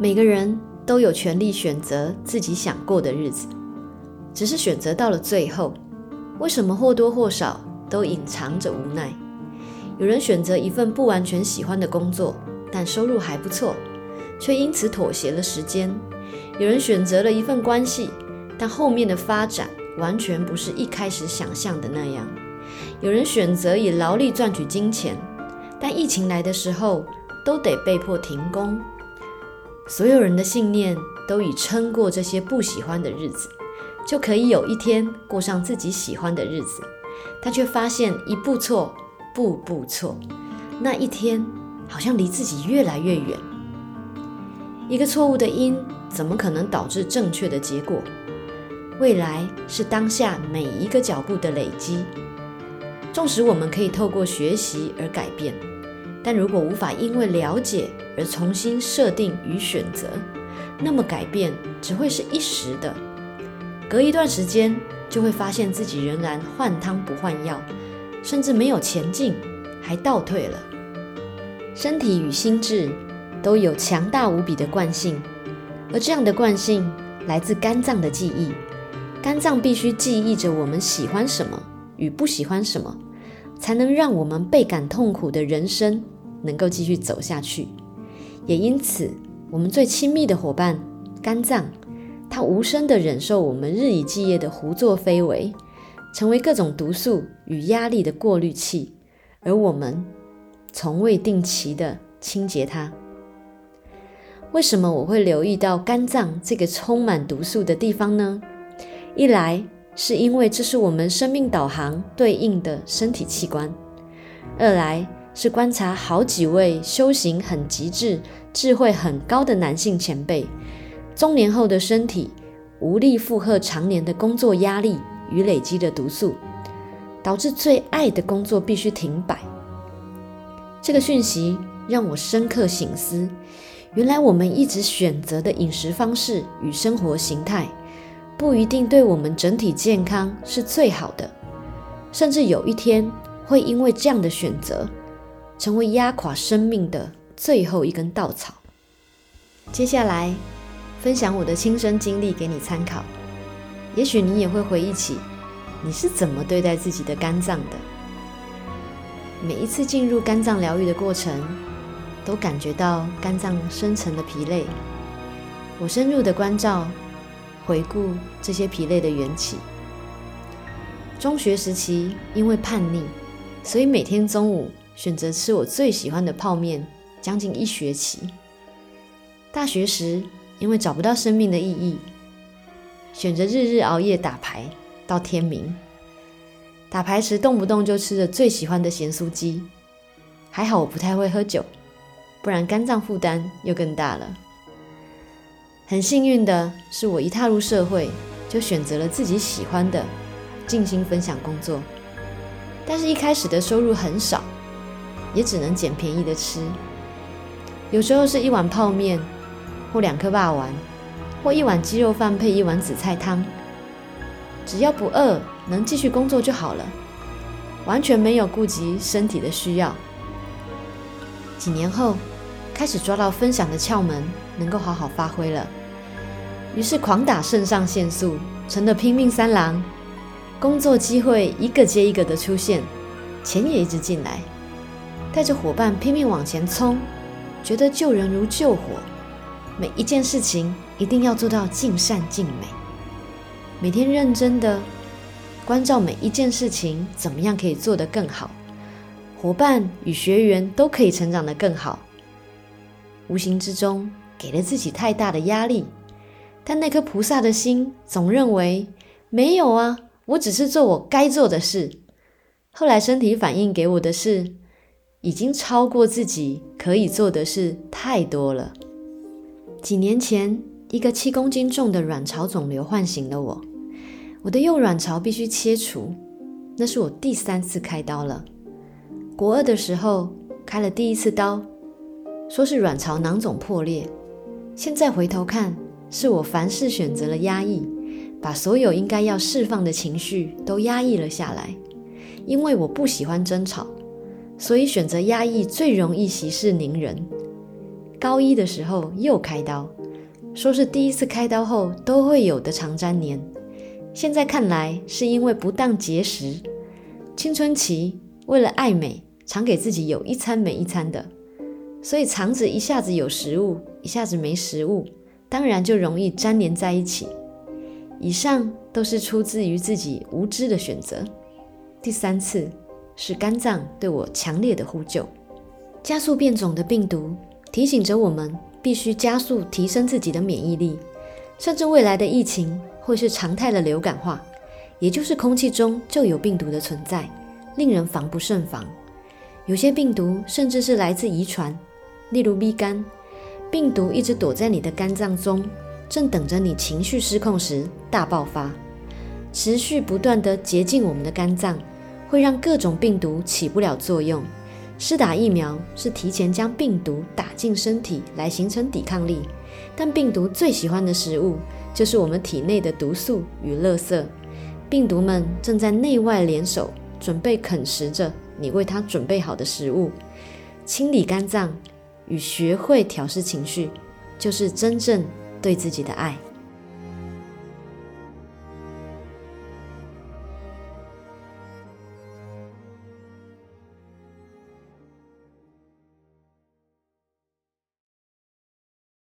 每個人都有權利選擇自己想過的日子，只是選擇到了最後，為什麼或多或少都隱藏着無奈？有人選擇一份不完全喜歡的工作，但收入還不錯，卻因此妥協了時間；有人選擇了一份關係，但後面的發展完全不是一開始想象的那樣；有人選擇以勞力賺取金錢，但疫情來的時候都得被迫停工。所有人的信念都已撐過這些不喜歡的日子，就可以有一天過上自己喜歡的日子，但卻發現一步錯，步步錯。那一天好像離自己越來越遠。一個錯誤的因，怎麼可能導致正確的結果？未來是當下每一個腳步的累積。縱使我們可以透過學習而改變。但如果無法因為了解而重新設定與選擇，那麼改變只會是一時的。隔一段時間，就會發現自己仍然換湯不換藥，甚至沒有前進，還倒退了。身體與心智都有強大無比的慣性，而這樣的慣性來自肝臟的記憶。肝臟必須記憶着我們喜歡什麼與不喜歡什麼。才能讓我們倍感痛苦的人生能夠繼續走下去。也因此，我們最親密的夥伴肝臟，它無聲的忍受我們日以繼夜的胡作非為，成為各種毒素與壓力的過濾器，而我們從未定期的清潔它。為什麼我會留意到肝臟這個充滿毒素的地方呢？一來，是因為這是我們生命導航對應的身體器官。二來是觀察好幾位修行很極致、智慧很高的男性前輩，中年後的身體無力負荷常年的工作壓力與累積的毒素，導致最愛的工作必須停擺。這個訊息讓我深刻省思，原來我們一直選擇的飲食方式與生活形態。不一定對我們整體健康是最好的，甚至有一天會因為這樣的選擇，成為壓垮生命的最後一根稻草。接下來分享我的親身經歷給你參考，也許你也會回憶起你是怎麼對待自己的肝臟的。每一次進入肝臟療癒的過程，都感覺到肝臟深層的疲累。我深入的關照。回顧這些疲累的緣起。中學時期，因為叛逆，所以每天中午選擇吃我最喜歡的泡麵，將近一學期。大學時，因為找不到生命的意義，選擇日日熬夜打牌到天明。打牌時動不動就吃着最喜歡的鹹酥雞，還好我不太會喝酒，不然肝臟負擔又更大了。很幸運的是，我一踏入社會就選擇了自己喜歡的靜心分享工作，但是一開始的收入很少，也只能撿便宜的吃，有時候是一碗泡麵，或兩顆霸丸，或一碗雞肉飯配一碗紫菜湯，只要不餓能繼續工作就好了，完全沒有顧及身體的需要。幾年後，開始抓到分享的竅門。能夠好好發揮了，於是狂打腎上腺素，成了拼命三郎。工作機會一個接一個的出現，錢也一直進來，帶着夥伴拼命往前衝，覺得救人如救火，每一件事情一定要做到盡善盡美。每天認真的關照每一件事情，怎麼樣可以做得更好，夥伴與學員都可以成長得更好，無形之中。給了自己太大的壓力，但那顆菩薩的心總認為沒有啊，我只是做我該做的事。後來身體反應給我的是，已經超過自己可以做的事太多了。幾年前，一個七公斤重的卵巢腫瘤喚醒了我，我的右卵巢必須切除，那是我第三次開刀了。國二的時候開了第一次刀，說是卵巢囊腫破裂。現在回頭看，是我凡事選擇了壓抑，把所有應該要釋放的情緒都壓抑了下來。因為我不喜歡爭吵，所以選擇壓抑最容易息事寧人。高一的時候又開刀，說是第一次開刀後都會有的腸粘連，現在看來是因為不當節食。青春期為了愛美，常給自己有一餐沒一餐的，所以腸子一下子有食物。一下子沒食物，當然就容易粘連在一起。以上都是出自於自己無知的選擇。第三次是肝臟對我強烈的呼救，加速變種的病毒提醒着我們必須加速提升自己的免疫力。甚至未來的疫情會是常態的流感化，也就是空氣中就有病毒的存在，令人防不勝防。有些病毒甚至是來自遺傳，例如 B 肝。病毒一直躲在你的肝臟中，正等着你情緒失控時大爆發。持續不斷地潔淨我們的肝臟，會讓各種病毒起不了作用。施打疫苗是提前將病毒打進身體來形成抵抗力，但病毒最喜歡的食物就是我們體內的毒素與垃圾。病毒們正在內外聯手，準備啃食着你為它準備好的食物。清理肝臟，與學會調試情緒，就是真正對自己的愛。